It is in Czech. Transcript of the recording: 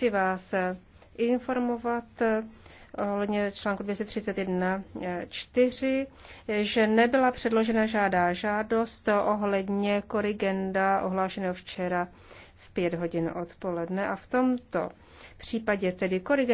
Chci vás eh, informovat eh, ohledně článku 231.4, eh, že nebyla předložena žádná žádost ohledně korigenda ohlášeného včera v pět hodin odpoledne a v tomto případě tedy korigend